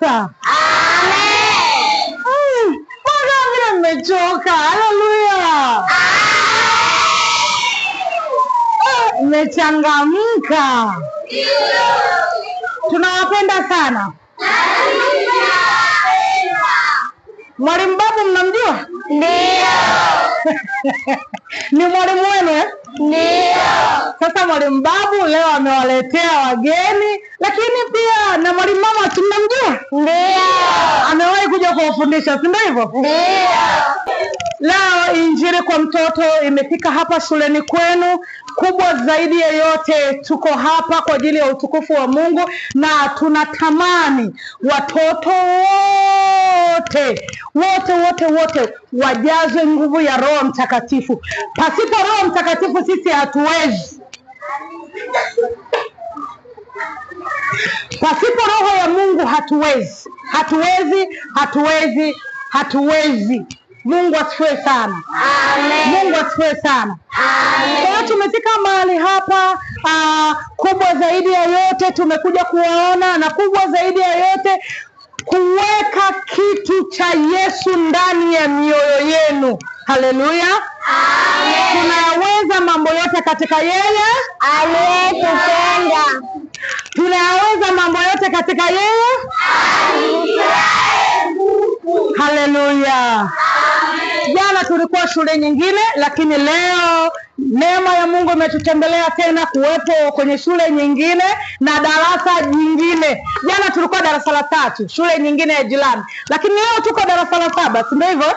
sasa. Amen. Bwana vile mmechoka. Haleluya. Mmechangamka. Tunawapenda sana. Mwalimu Babu mnamjua? Ndio. Ni mwalimu wenu eh? Ndio. Sasa mwalimu Babu leo amewaletea wageni lakini pia na mwalimu mama tunamjua, ndio amewahi kuja kuwafundisha, si ndio hivyo? Leo injili kwa mtoto imefika hapa shuleni kwenu. Kubwa zaidi ya yote, tuko hapa kwa ajili ya utukufu wa Mungu, na tunatamani watoto wote wote wote wote wajazwe nguvu ya Roho Mtakatifu. Pasipo Roho Mtakatifu sisi hatuwezi Pasipo roho ya Mungu hatuwezi, hatuwezi, hatuwezi, hatuwezi. Mungu asifiwe sana. Amen. Mungu asifiwe sana. Kwa hiyo tumefika mahali hapa uh, kubwa zaidi ya yote tumekuja kuwaona na kubwa zaidi ya yote kuweka kitu cha Yesu ndani ya mioyo yenu. Haleluya. Tunayaweza mambo yote katika yeye aliyetupenda. Tunayaweza mambo yote katika yeye. Haleluya! Jana tulikuwa shule nyingine, lakini leo Neema ya Mungu imetutembelea tena kuwepo kwenye shule nyingine na darasa jingine. Jana tulikuwa darasa la tatu, shule nyingine ya jirani, lakini leo tuko darasa la saba, si ndio hivyo?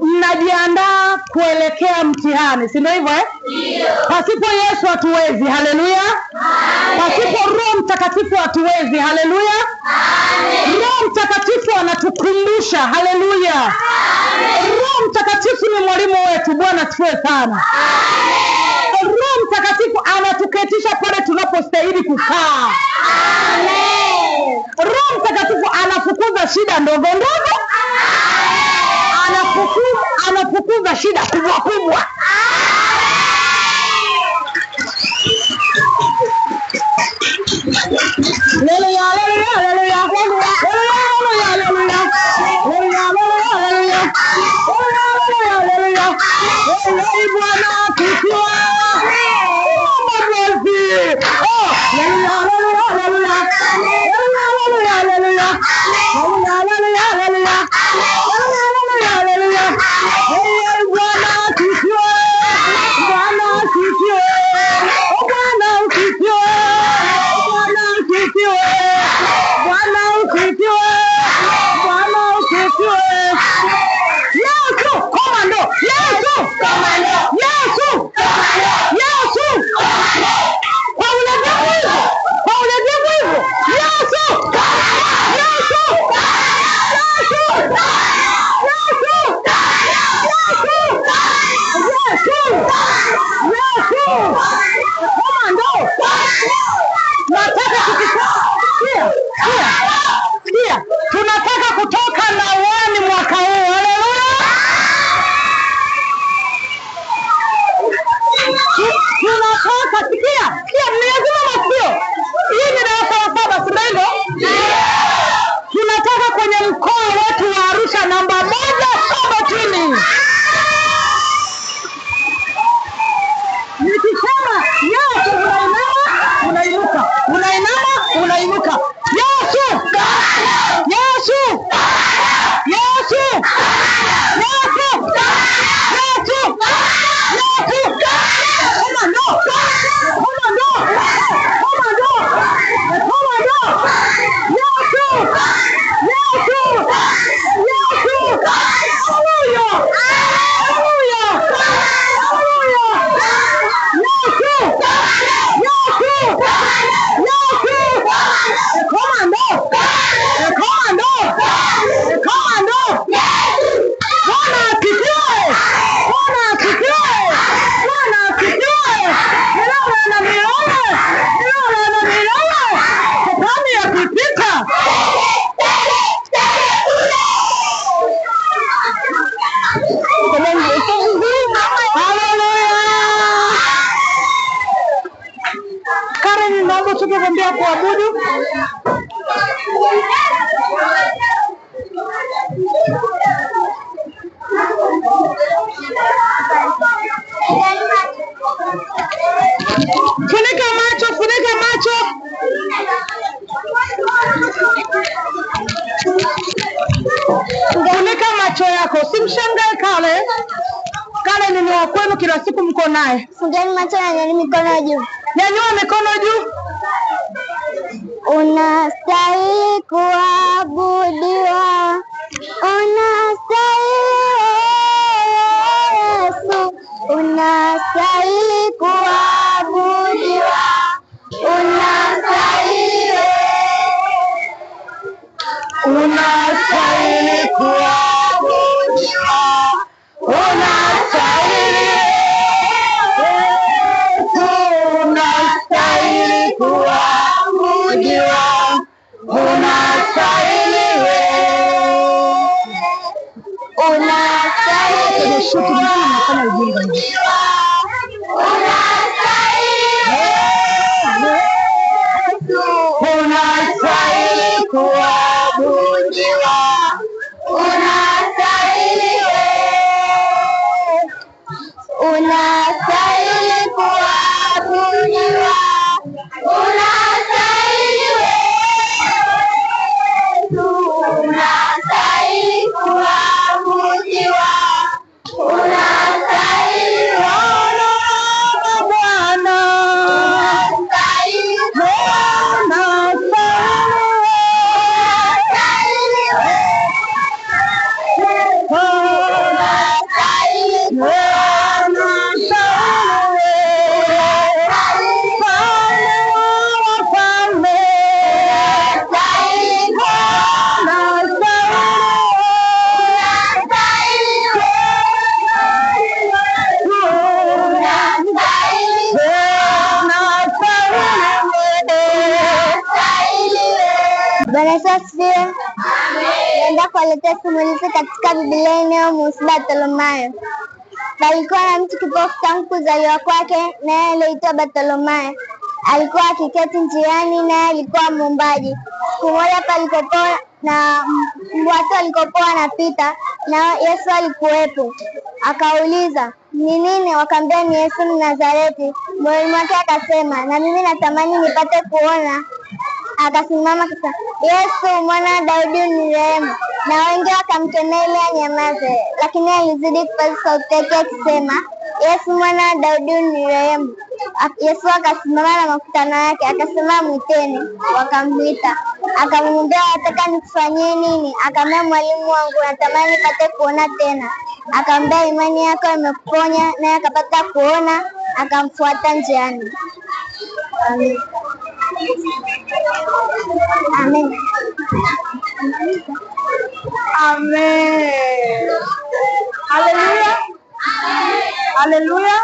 Mnajiandaa kuelekea mtihani, si ndio hivyo eh? Pasipo Yesu hatuwezi. Haleluya! Pasipo Roho Mtakatifu hatuwezi. Haleluya! Roho Mtakatifu anatukumbusha. Haleluya! Roho Mtakatifu ni mwalimu wetu. Bwana sifiwe sana. Roho Mtakatifu anatuketisha pale tunapostahili kukaa. Roho Mtakatifu anafukuza shida ndogo ndogo, anafukuza, anafukuza shida kubwa kubwa. hallelujah. Èyí bọ́lá tuntun wá. Ọmọ bọ̀ sí. Hallelujah, hallelujah, hallelujah. เคลียร์เคลียร์เนื้อ naye. Fungeni macho, nyanyueni mikono juu. Nyanyua mikono juu. Unastahili kuabudiwa Millennium Bartholomayo. Palikuwa na mtu kipofu tangu kuzaliwa kwake, naye aliitwa Bartholomayo. Alikuwa akiketi njiani, naye alikuwa mumbaji Siku moja palikopoa na watu walikopoa anapita na Yesu alikuwepo. Akauliza, ni nini? Wakaambia, ni Yesu Mnazareti. Moyoni mwake akasema, na mimi natamani nipate kuona akasimama kisa, Yesu mwana Daudi ni nirehemu. Na wengi wakamkemea anyamaze, lakini alizidi kupaza sauti yake akisema, Yesu mwana wa Daudi unirehemu. Yesu akasimama na makutano yake akasema, mwiteni. Wakamwita. Akamwambia, wataka nikufanyie nini? Akamwambia, mwalimu wangu, natamani pate kuona tena. Akamwambia, imani yako imekuponya. Naye akapata kuona, akamfuata njiani. Amén. Amén. Aleluya. Aleluya.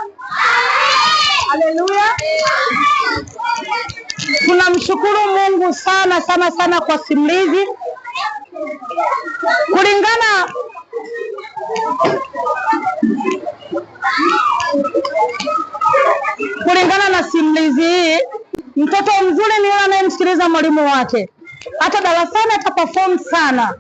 Aleluya. Tunamshukuru Mungu sana sana sana kwa simulizi wake, hata darasani ataperform sana.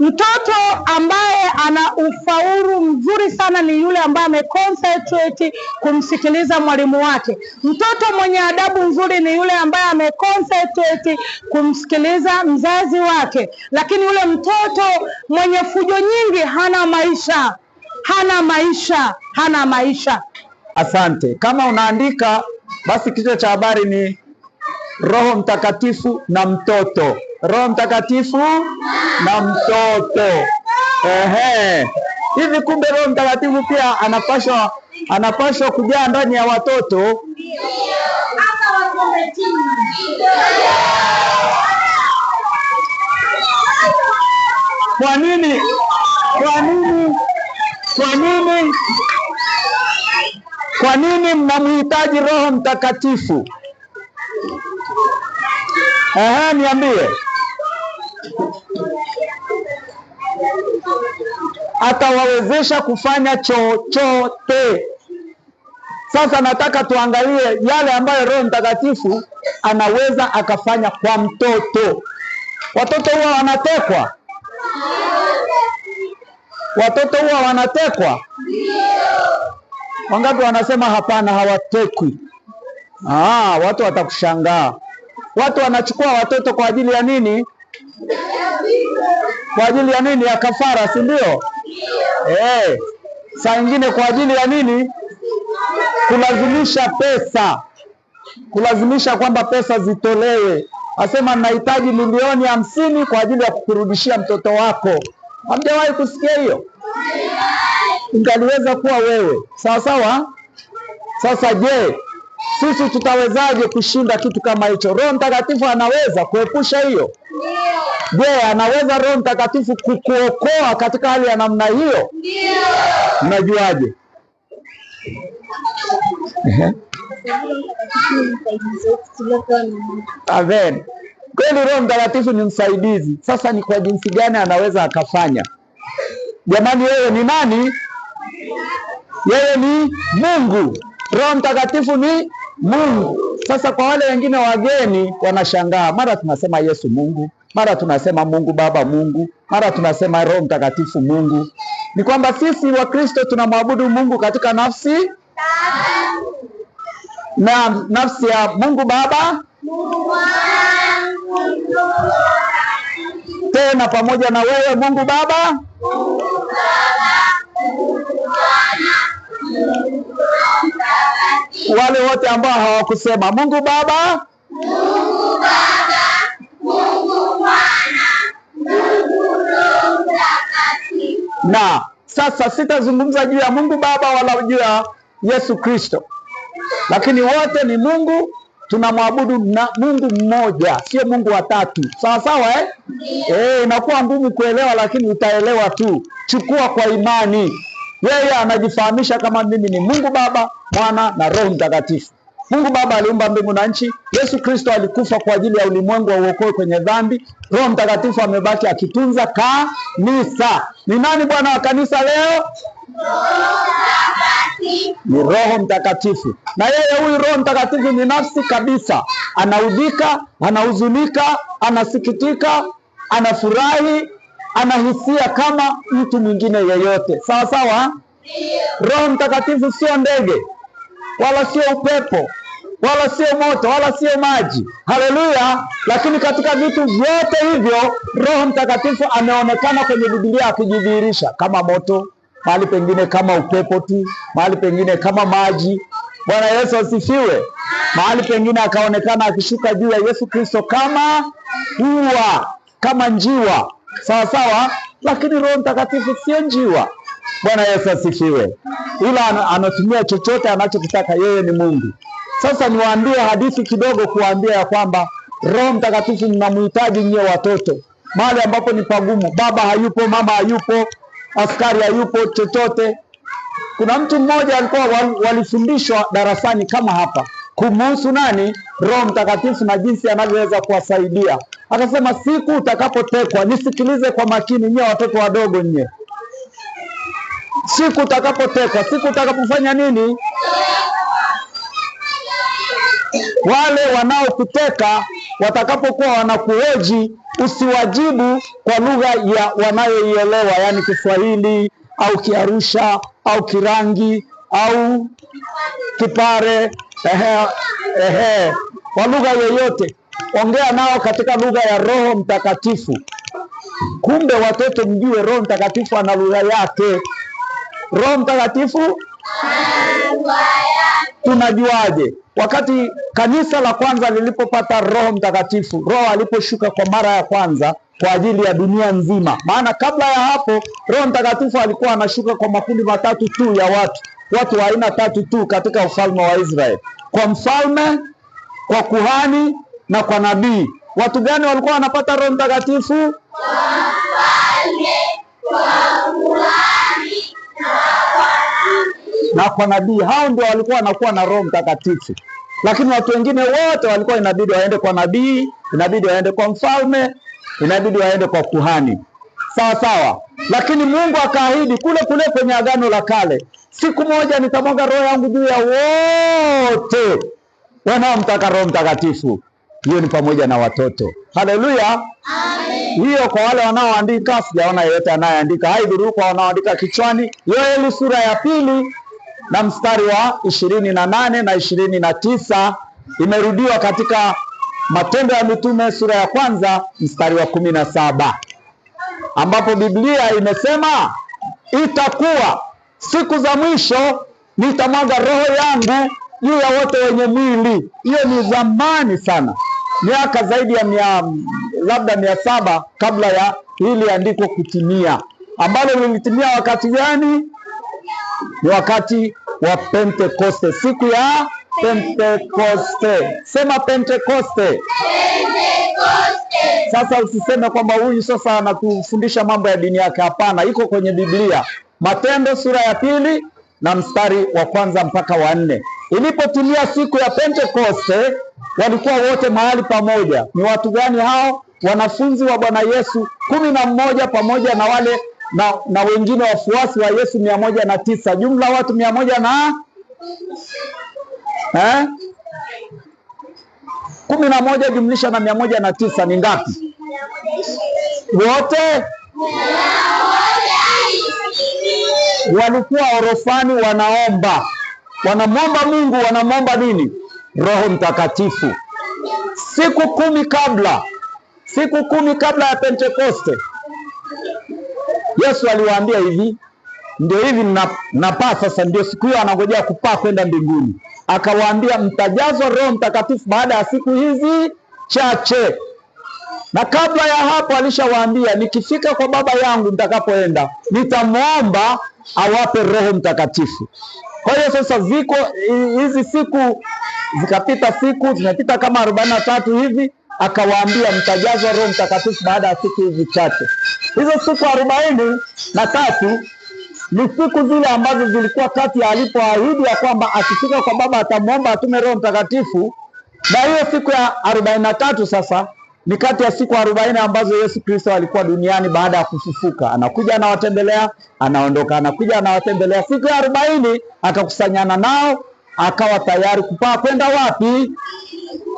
Mtoto ambaye ana ufaulu mzuri sana ni yule ambaye ameconcentrate kumsikiliza mwalimu wake. Mtoto mwenye adabu nzuri ni yule ambaye ameconcentrate kumsikiliza mzazi wake, lakini yule mtoto mwenye fujo nyingi hana maisha, hana maisha, hana maisha. Asante. Kama unaandika basi, kichwa cha habari ni Roho Mtakatifu na mtoto, Roho Mtakatifu na mtoto. Ehe, hivi kumbe Roho Mtakatifu pia anapashwa anapaswa kujaa ndani ya watoto. Kwa nini? Kwa nini? Kwa nini? Kwa nini mnamhitaji Roho Mtakatifu? Aha, niambie. Atawawezesha kufanya chochote. Sasa nataka tuangalie yale ambayo Roho Mtakatifu anaweza akafanya kwa mtoto. Watoto huwa wanatekwa, watoto huwa wanatekwa. Wangapi wanasema hapana, hawatekwi? Ah, watu watakushangaa. Watu wanachukua watoto kwa ajili ya nini? Kwa ajili ya nini? Ya kafara, si ndio? Eh, saa nyingine kwa ajili ya nini? Kulazimisha pesa, kulazimisha kwamba pesa zitolewe. Asema nahitaji milioni hamsini kwa ajili ya kukurudishia mtoto wako. Hamjawahi kusikia hiyo? Ingaliweza kuwa wewe, sawa sawa. Sasa je, sisi tutawezaje kushinda kitu kama hicho? Roho Mtakatifu anaweza kuepusha hiyo. Je, anaweza Roho Mtakatifu kukuokoa katika hali ya namna hiyo? Mnajuaje? Amen. Kweli Roho Mtakatifu ni msaidizi. Sasa ni kwa jinsi gani anaweza akafanya? Jamani, yeye ni nani? Yeye ni Mungu. Roho Mtakatifu ni Mungu. Sasa kwa wale wengine wageni wanashangaa, mara tunasema Yesu Mungu, mara tunasema Mungu Baba Mungu, mara tunasema Roho Mtakatifu Mungu. Ni kwamba sisi Wakristo tunamwabudu Mungu katika nafsi na nafsi ya Mungu Baba tena pamoja na wewe Mungu Baba, Mungu Baba, Mungu wale wote ambao hawakusema Mungu Baba, Mungu Baba, Mungu Mwana, Mungu Roho Mtakatifu. Na sasa sitazungumza juu ya Mungu Baba wala juu ya Yesu Kristo, lakini wote ni Mungu tunamwabudu na Mungu mmoja, sio Mungu watatu. Sawa sawa eh? Eh, inakuwa ngumu kuelewa, lakini utaelewa tu, chukua kwa imani. Yeye anajifahamisha kama mimi ni Mungu Baba, Mwana na Roho Mtakatifu. Mungu Baba aliumba mbingu na nchi. Yesu Kristo alikufa kwa ajili ya ulimwengu wa uokoe kwenye dhambi. Roho Mtakatifu amebaki akitunza kanisa. Ni nani bwana wa kanisa leo? Ni Roho Mtakatifu. Na yeye huyu Roho Mtakatifu ni nafsi kabisa, anaudhika, anahuzunika, anasikitika, anafurahi anahisia kama mtu mwingine yeyote, sawa sawa. Roho Mtakatifu sio ndege wala sio upepo wala sio moto wala sio maji, haleluya. Lakini katika vitu vyote hivyo Roho Mtakatifu ameonekana kwenye Biblia akijidhihirisha kama moto, mahali pengine kama upepo tu, mahali pengine kama maji. Bwana Yesu asifiwe. Mahali pengine akaonekana akishuka juu ya Yesu Kristo kama hua, kama njiwa sawa sawa, lakini Roho Mtakatifu sio njiwa. Bwana Yesu asifiwe, ila anatumia chochote anachokitaka yeye, ni Mungu. Sasa niwaambie hadithi kidogo, kuwaambia ya kwamba Roho Mtakatifu mnamhitaji nyie watoto, mahali ambapo ni pagumu, baba hayupo, mama hayupo, askari hayupo, chochote. Kuna mtu mmoja alikuwa walifundishwa darasani kama hapa kumuhusu nani Roho Mtakatifu na jinsi anavyoweza kuwasaidia. Akasema siku utakapotekwa, nisikilize kwa makini nyie watoto wadogo nyie, siku utakapotekwa, siku utakapofanya nini, wale wanaokuteka watakapokuwa wanakuhoji usiwajibu kwa lugha ya wanayoielewa, yaani Kiswahili au Kiarusha au Kirangi au Kipare ehe, ehe, kwa lugha yoyote, ongea nao katika lugha ya Roho Mtakatifu. Kumbe watoto, mjue Roho Mtakatifu ana lugha yake. Roho Mtakatifu tunajuaje? Wakati kanisa la kwanza lilipopata Roho Mtakatifu, Roho aliposhuka kwa mara ya kwanza kwa ajili ya dunia nzima. Maana kabla ya hapo Roho Mtakatifu alikuwa anashuka kwa makundi matatu tu ya watu watu wa aina tatu tu katika ufalme wa Israeli, kwa mfalme, kwa kuhani na kwa nabii. Watu gani walikuwa wanapata Roho Mtakatifu? na kwa nabii. Hao ndio walikuwa wanakuwa na Roho Mtakatifu, lakini watu wengine wote walikuwa inabidi waende kwa nabii, inabidi waende kwa mfalme, inabidi waende kwa kuhani. Sawa sawa. Lakini Mungu akaahidi kule kule kwenye Agano la Kale, siku moja nitamwaga roho yangu juu ya wote wanaomtaka Roho Mtakatifu. Hiyo ni pamoja na watoto. Haleluya! Hiyo kwa wale wanaoandika, sijaona yeyote anayeandika. Haidhuru kwa wanaoandika kichwani, Yoeli sura ya pili na mstari wa ishirini na nane na ishirini na tisa imerudiwa katika Matendo ya Mitume sura ya kwanza mstari wa kumi na saba ambapo Biblia imesema itakuwa siku za mwisho nitamwaga roho yangu juu ya wote wenye mwili. Hiyo ni zamani sana, miaka zaidi ya mia, labda mia saba kabla ya hili andiko kutimia, ambalo lilitimia wakati gani? Ni wakati wa Pentekoste, siku ya Pentekoste. Sema Pentekoste. Pentekoste. Sasa usiseme kwamba huyu sasa anatufundisha mambo ya dini yake. Hapana, iko kwenye Biblia, Matendo sura ya pili na mstari wa kwanza mpaka wa nne. Ilipotumia siku ya Pentekoste, walikuwa wote mahali pamoja. Ni watu gani hao? Wanafunzi wa Bwana Yesu kumi na mmoja pamoja na wale na, na wengine wafuasi wa Yesu mia moja na tisa jumla watu mia moja na eh? kumi na moja jumlisha na mia moja na tisa ni ngapi? Wote walikuwa orofani, wanaomba, wanamwomba Mungu, wanamwomba nini? Roho Mtakatifu. Siku kumi kabla, siku kumi kabla ya Pentekoste, Yesu aliwaambia hivi ndio hivi napaa sasa, ndio siku hiyo anangojea kupaa kwenda mbinguni. Akawaambia, mtajazwa Roho Mtakatifu baada ya siku hizi chache, na kabla ya hapo alishawaambia, nikifika kwa Baba yangu nitakapoenda, nitamwomba awape Roho Mtakatifu. Kwa hiyo sasa ziko hizi siku, zikapita siku zimepita kama arobaini na tatu hivi, akawaambia mtajazwa Roho Mtakatifu baada ya siku hizi chache. Hizo siku arobaini na tatu ni siku zile ambazo zilikuwa kati ya alipoahidi ya kwamba akifika kwa Baba atamwomba atume Roho Mtakatifu, na hiyo siku ya arobaini na tatu sasa ni kati ya siku arobaini ambazo Yesu Kristo alikuwa duniani baada ya kufufuka. Anakuja anawatembelea, anaondoka, anakuja anawatembelea. Siku ya arobaini akakusanyana nao, akawa tayari kupaa kwenda wapi?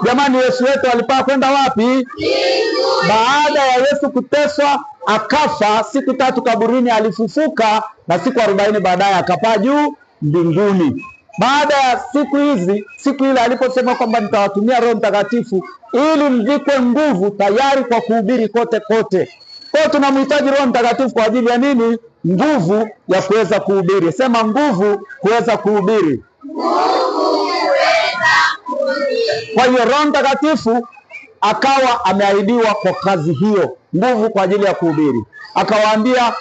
Jamani, Yesu wetu alipaa kwenda wapi? Baada ya Yesu kuteswa akafa siku tatu kaburini, alifufuka na siku arobaini baadaye akapaa juu mbinguni. Baada ya siku hizi, siku ile aliposema kwamba nitawatumia Roho Mtakatifu ili mvikwe nguvu, tayari kwa kuhubiri kote kote. Kwa hiyo tunamhitaji Roho Mtakatifu kwa ajili ya nini? Nguvu ya kuweza kuhubiri. Sema nguvu kuweza kuhubiri. Kwa hiyo Roho Mtakatifu akawa ameahidiwa kwa kazi hiyo nguvu kwa ajili ya kuhubiri. Akawaambia,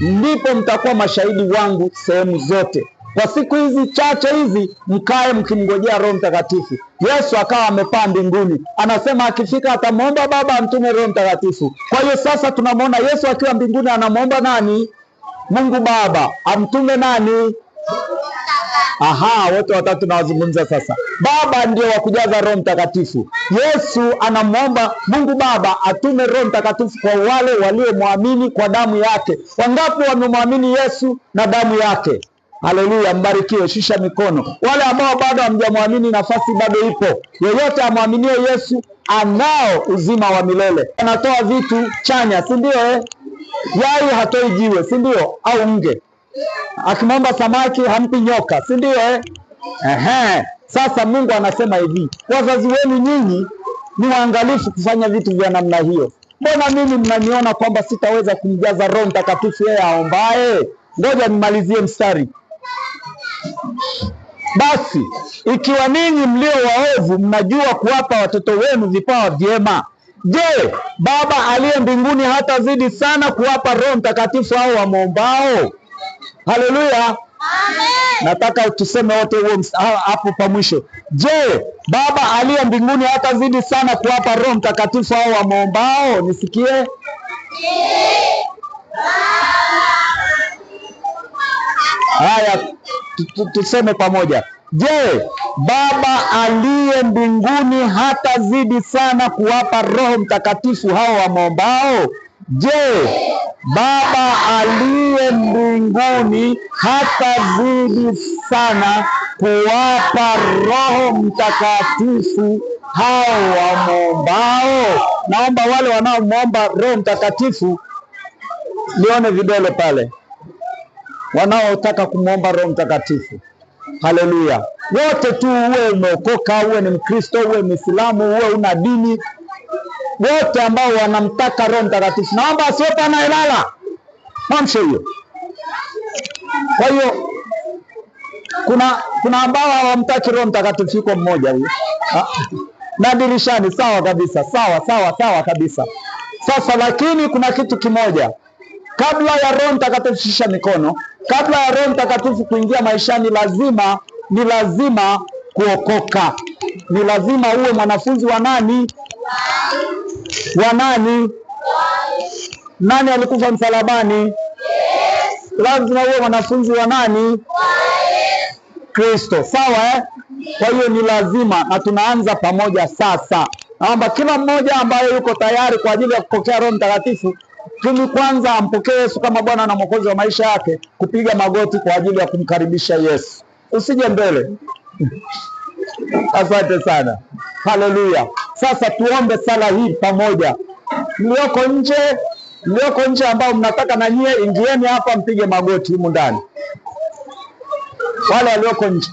ndipo mtakuwa mashahidi wangu sehemu zote. Kwa siku hizi chache hizi mkae mkimngojea Roho Mtakatifu. Yesu akawa amepaa mbinguni, anasema akifika atamwomba Baba amtume Roho Mtakatifu. Kwa hiyo sasa tunamwona Yesu akiwa mbinguni anamwomba nani? Mungu Baba amtume nani? Aha, wote watatu nawazungumza sasa. Baba ndio wakujaza Roho Mtakatifu. Yesu anamwomba Mungu Baba atume Roho Mtakatifu kwa wale waliomwamini kwa damu yake. Wangapi wamemwamini Yesu na damu yake? Haleluya, mbarikiwe. Shusha mikono. Wale ambao bado hamjamwamini, nafasi bado ipo. Yeyote amwaminie Yesu anao uzima wa milele. Anatoa vitu chanya, si ndio eh? Yai hatoi jiwe, si ndio? Au nge akimwomba samaki hampi nyoka, si ndio? Eh? Ehe, sasa Mungu anasema hivi, wazazi wenu nyinyi ni waangalifu kufanya vitu vya namna hiyo. Mbona mimi mnaniona kwamba sitaweza kumjaza Roho Mtakatifu yeye aombaye? Ngoja nimalizie mstari basi ikiwa ninyi mlio waovu mnajua kuwapa watoto wenu vipawa vyema, je, Baba aliye mbinguni hatazidi sana kuwapa Roho Mtakatifu hao wamwombao? Haleluya, nataka tuseme wote huo hapo pa mwisho. Je, Baba aliye mbinguni hatazidi sana kuwapa Roho Mtakatifu hao wamwombao? Nisikie haya, tuseme pamoja. Je, Baba aliye mbinguni hatazidi sana kuwapa Roho Mtakatifu hao wamwombao? Je, Baba aliye mbinguni hatazidi sana kuwapa Roho Mtakatifu hao wamwombao? Naomba wale wanaomwomba Roho Mtakatifu, nione vidole pale, wanaotaka kumwomba Roho Mtakatifu. Haleluya! Wote tu, uwe umeokoka, uwe ni Mkristo, uwe Mwislamu, uwe una dini wote ambao wanamtaka Roho Mtakatifu, naomba asiwepo anayelala mwamshe hiyo. Kwa hiyo kuna kuna ambao hawamtaki Roho Mtakatifu, yuko mmoja huyo na dirishani. Sawa kabisa, sawa sawa sawa kabisa. Sasa lakini kuna kitu kimoja, kabla ya Roho Mtakatifu, shisha mikono. Kabla ya Roho Mtakatifu kuingia maishani, lazima ni lazima kuokoka, ni lazima uwe mwanafunzi wa nani? wa nani? Nani alikufa msalabani? Lazima tunawe wanafunzi wa nani? Kristo. Sawa eh? Kwa hiyo ni lazima, na tunaanza pamoja sasa. Naomba kila mmoja ambaye yuko tayari kwa ajili ya kupokea Roho Mtakatifu tumi kwanza ampokee Yesu kama Bwana na Mwokozi wa maisha yake, kupiga magoti kwa ajili ya kumkaribisha Yesu. Usije mbele. Asante sana, haleluya. Sasa tuombe sala hii pamoja, mlioko nje, mlioko nje ambao mnataka na nyie ingieni hapa, mpige magoti humu ndani, wale walioko nje.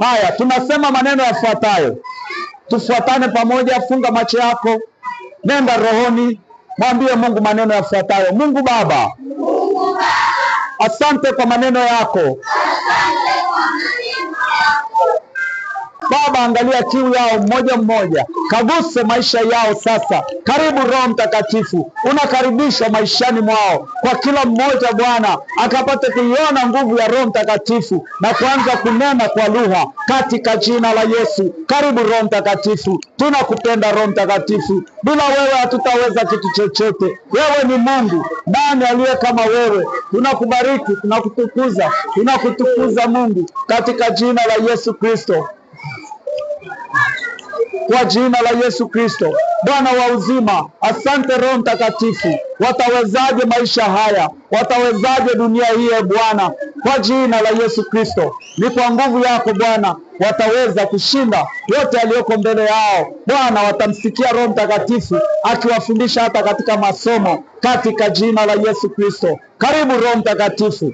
Haya, tunasema maneno yafuatayo, tufuatane pamoja. Funga macho yako, nenda rohoni, mwambie Mungu maneno yafuatayo. Mungu Baba, asante kwa maneno yako, asante. Baba, angalia kiu yao mmoja mmoja, kaguse maisha yao sasa. Karibu Roho Mtakatifu, unakaribishwa maishani mwao, kwa kila mmoja Bwana akapata kuiona nguvu ya Roho Mtakatifu na kuanza kunena kwa lugha katika jina la Yesu. Karibu Roho Mtakatifu, tunakupenda Roho Mtakatifu, bila wewe hatutaweza kitu chochote. Wewe ni Mungu, nani aliye kama wewe? Tunakubariki, tunakutukuza, tunakutukuza Mungu, katika jina la Yesu Kristo kwa jina la Yesu Kristo, Bwana wa uzima. Asante Roho Mtakatifu, watawezaje maisha haya? Watawezaje dunia hii? E Bwana, kwa jina la Yesu Kristo, ni kwa nguvu yako Bwana wataweza kushinda yote yaliyoko mbele yao Bwana. Watamsikia Roho Mtakatifu akiwafundisha hata katika masomo, katika jina la Yesu Kristo. Karibu Roho Mtakatifu,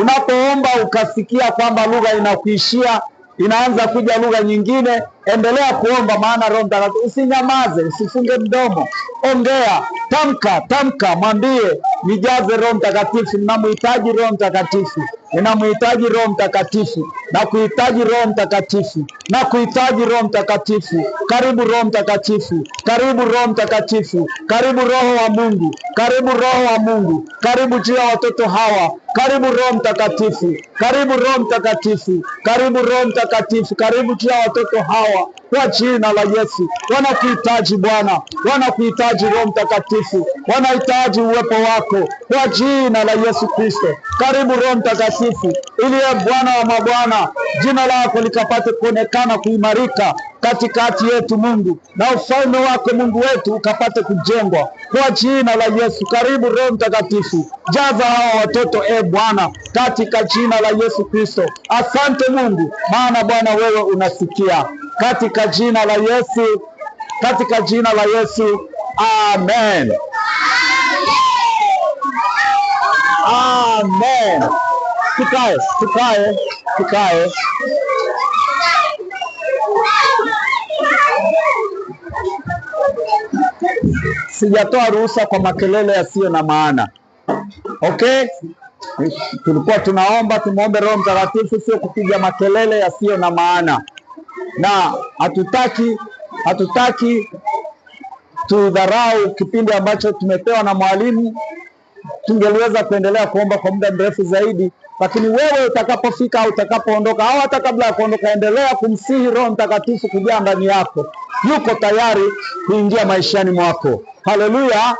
unapoomba ukasikia kwamba lugha inakuishia inaanza kuja lugha nyingine Endelea kuomba, maana Roho Mtakatifu. Usinyamaze, usifunge mdomo, ongea, tamka, tamka, mwambie, nijaze Roho Mtakatifu, ninamhitaji Roho Mtakatifu, ninamhitaji Roho Mtakatifu, na kuhitaji Roho Mtakatifu, na kuhitaji Roho Mtakatifu. Karibu Roho Mtakatifu, karibu Roho Mtakatifu, karibu Roho wa Mungu, karibu Roho wa Mungu, karibu juu ya watoto hawa karibu Roho Mtakatifu, karibu Roho Mtakatifu, karibu Roho Mtakatifu, karibu juu ya watoto hawa power kwa jina la Yesu. Wanakuhitaji Bwana, wanakuhitaji Roho Mtakatifu, wanahitaji uwepo wako kwa jina la Yesu Kristo. Karibu Roho Mtakatifu, iliye Bwana wa mabwana, jina lako likapate kuonekana, kuimarika katikati yetu Mungu, na ufalme wako Mungu wetu ukapate kujengwa kwa jina la Yesu. Karibu Roho Mtakatifu, jaza hawa watoto e Bwana, katika jina la Yesu Kristo. Asante Mungu, maana Bwana wewe unasikia katika katika jina la Yesu, katika jina la Yesu, amen, amen. Tukae, tukae, tukae. Sijatoa ruhusa kwa makelele yasiyo na maana. Okay, tulikuwa tunaomba, tumwombe Roho Mtakatifu, sio kupiga makelele yasiyo na maana na hatutaki hatutaki tudharau kipindi ambacho tumepewa na mwalimu. Tungeliweza kuendelea kuomba kwa muda mrefu zaidi, lakini wewe utakapofika au utakapoondoka au hata kabla ya kuondoka, endelea kumsihi Roho Mtakatifu kujaa ndani yako. Yuko tayari kuingia maishani mwako. Haleluya!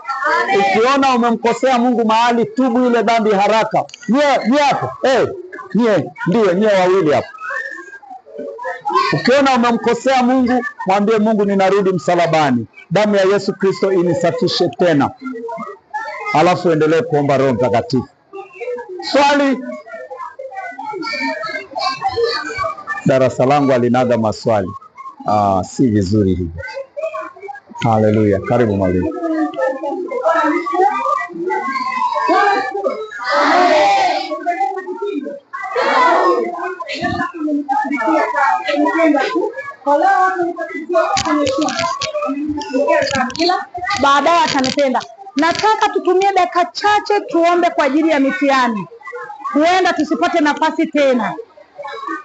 Ukiona umemkosea Mungu mahali, tubu ile dhambi haraka. nie nyie hapo eh, nie ndio wawili hapo Ukiona umemkosea Mungu, mwambie Mungu, ninarudi msalabani, damu ya Yesu Kristo inisafishe tena. Alafu endelee kuomba Roho Mtakatifu. Swali darasa langu alinaga maswali. Ah, si vizuri hivyo. Haleluya, karibu mwalimu tu watu kwenye baadaye atanipenda Nataka tutumie dakika chache tuombe kwa ajili ya mitihani, huenda tusipate nafasi tena.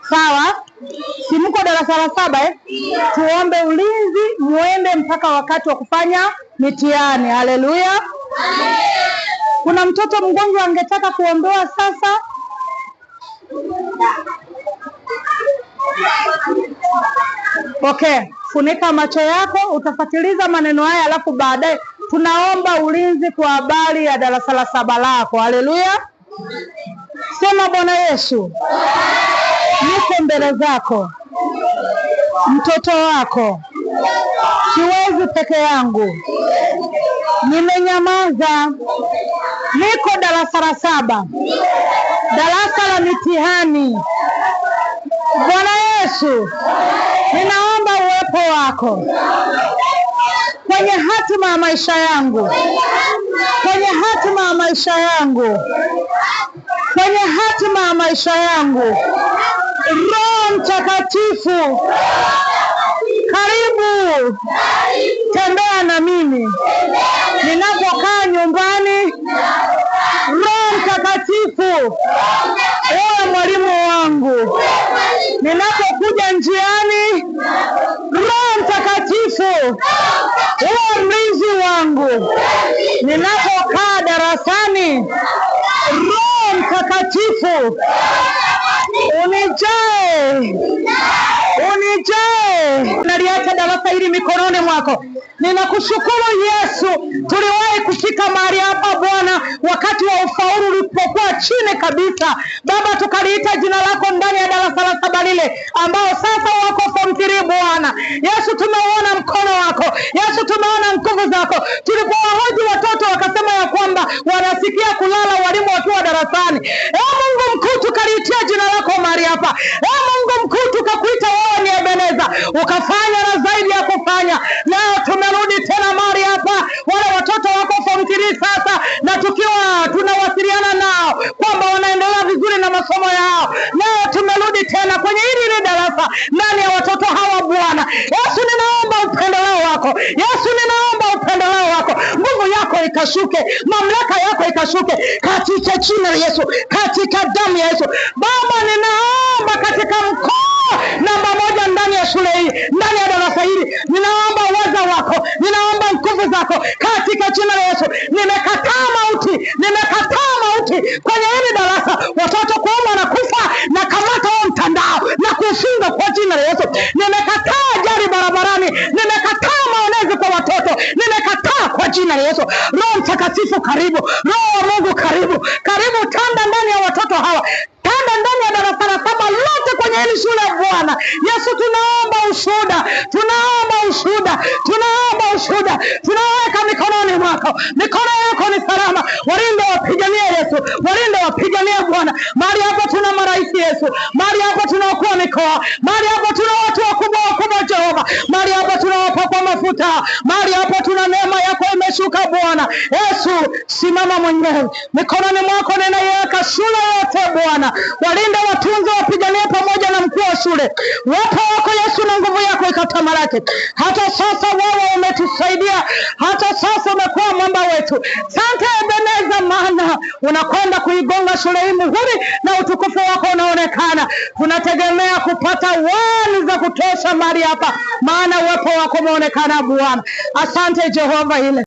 Sawa, si mko darasa la saba eh? Tuombe ulinzi, muende mpaka wakati wa kufanya mitihani. Haleluya! Kuna mtoto mgonjwa angetaka kuombewa sasa. Okay, funika macho yako, utafatiliza maneno haya, alafu baadaye tunaomba ulinzi kwa habari ya darasa la saba lako. Haleluya, sema Bwana Yesu, niko mbele zako, mtoto wako, siwezi peke yangu, nimenyamaza, niko darasa la saba, darasa la mitihani. Bwana Yesu Ninaomba uwepo wako kwenye hatima ya maisha yangu, kwenye hatima ya maisha yangu, kwenye hatima ya maisha yangu. Roho Mtakatifu, karibu, tembea na mimi ninapokaa nyumbani. Roho Mtakatifu, wewe mwalimu wangu ninapo unapokuja njiani, Roho Mtakatifu huwa mlinzi wangu, ninapokaa darasani, Roho Mtakatifu unijee, unijee. Naliacha darasa hili mikononi mwako. Ninakushukuru Yesu, tuliwahi kufika mahali hapa Bwana, wakati wa ufaulu ulipokuwa chini kabisa. Baba, tukaliita jina lako ndani ya darasa la saba lile, ambao sasa wako form Bwana Yesu, tumeona mkono wako Yesu, tumeona nguvu zako. Tulipowahoji watoto wakasema ya kwamba wanasikia kulala walimu wakiwa darasani. Ee Mungu mkuu, tukaliitia jina lako yako mahali hapa. E Mungu mkuu, tukakuita wewe ni Ebeneza, ukafanya na zaidi ya kufanya, na tumerudi tena mahali hapa, wale watoto wako form 3 sasa, na tukiwa tunawasiliana nao kwamba wanaendelea vizuri na masomo yao, nao tumerudi tena kwenye hili darasa ndani ya watoto hawa, Bwana Yesu ninaomba wako. Yesu, ninaomba upendeleo wako, nguvu yako ikashuke, mamlaka yako ikashuke katika china la Yesu, katika damu ya Yesu. Baba, ninaomba katika mkoa namba moja ndani ya shule hii, ndani ya darasa hili, ninaomba uweza wako, ninaomba nguvu zako katika china la Yesu. Nimekataa mauti, nimekataa mauti kwenye hili darasa, watoto kuumwa na na kushinda kwa jina la Yesu. Nimekataa ajali barabarani, nimekataa maonezi kwa watoto, nimekataa kwa jina la Yesu. Roho Mtakatifu karibu, Roho wa Mungu karibu, karibu tanda ndani ya watoto hawa vizuri Bwana Yesu, tunaomba ushuda, tunaomba ushuda, tunaomba ushuda, tunaweka mikononi mwako. Mikono yako ni salama, walinde wapiganie Yesu, walinde wapiganie Bwana. Mahali hapa tuna marais Yesu, mahali hapa tuna wakuu wa mikoa, mahali hapa tuna watu wakubwa wakubwa Jehova, mahali hapa tuna wapakwa mafuta, mahali hapa tuna neema yako imeshuka Bwana Yesu, simama mwenyewe mikononi mwako, ninaiweka shule yote Bwana, walinde watunze, wapiganie pamoja na kuchukua shule. Uwepo wako Yesu na nguvu yako ikatamalake. Hata sasa wewe umetusaidia, hata sasa umekuwa mwamba wetu. Sante Ebeneza, maana unakwenda kuigonga shule hii muhuri na utukufu wako unaonekana. Tunategemea kupata wani za kutosha mali hapa, maana uwepo wako umeonekana Bwana. Asante Jehova ile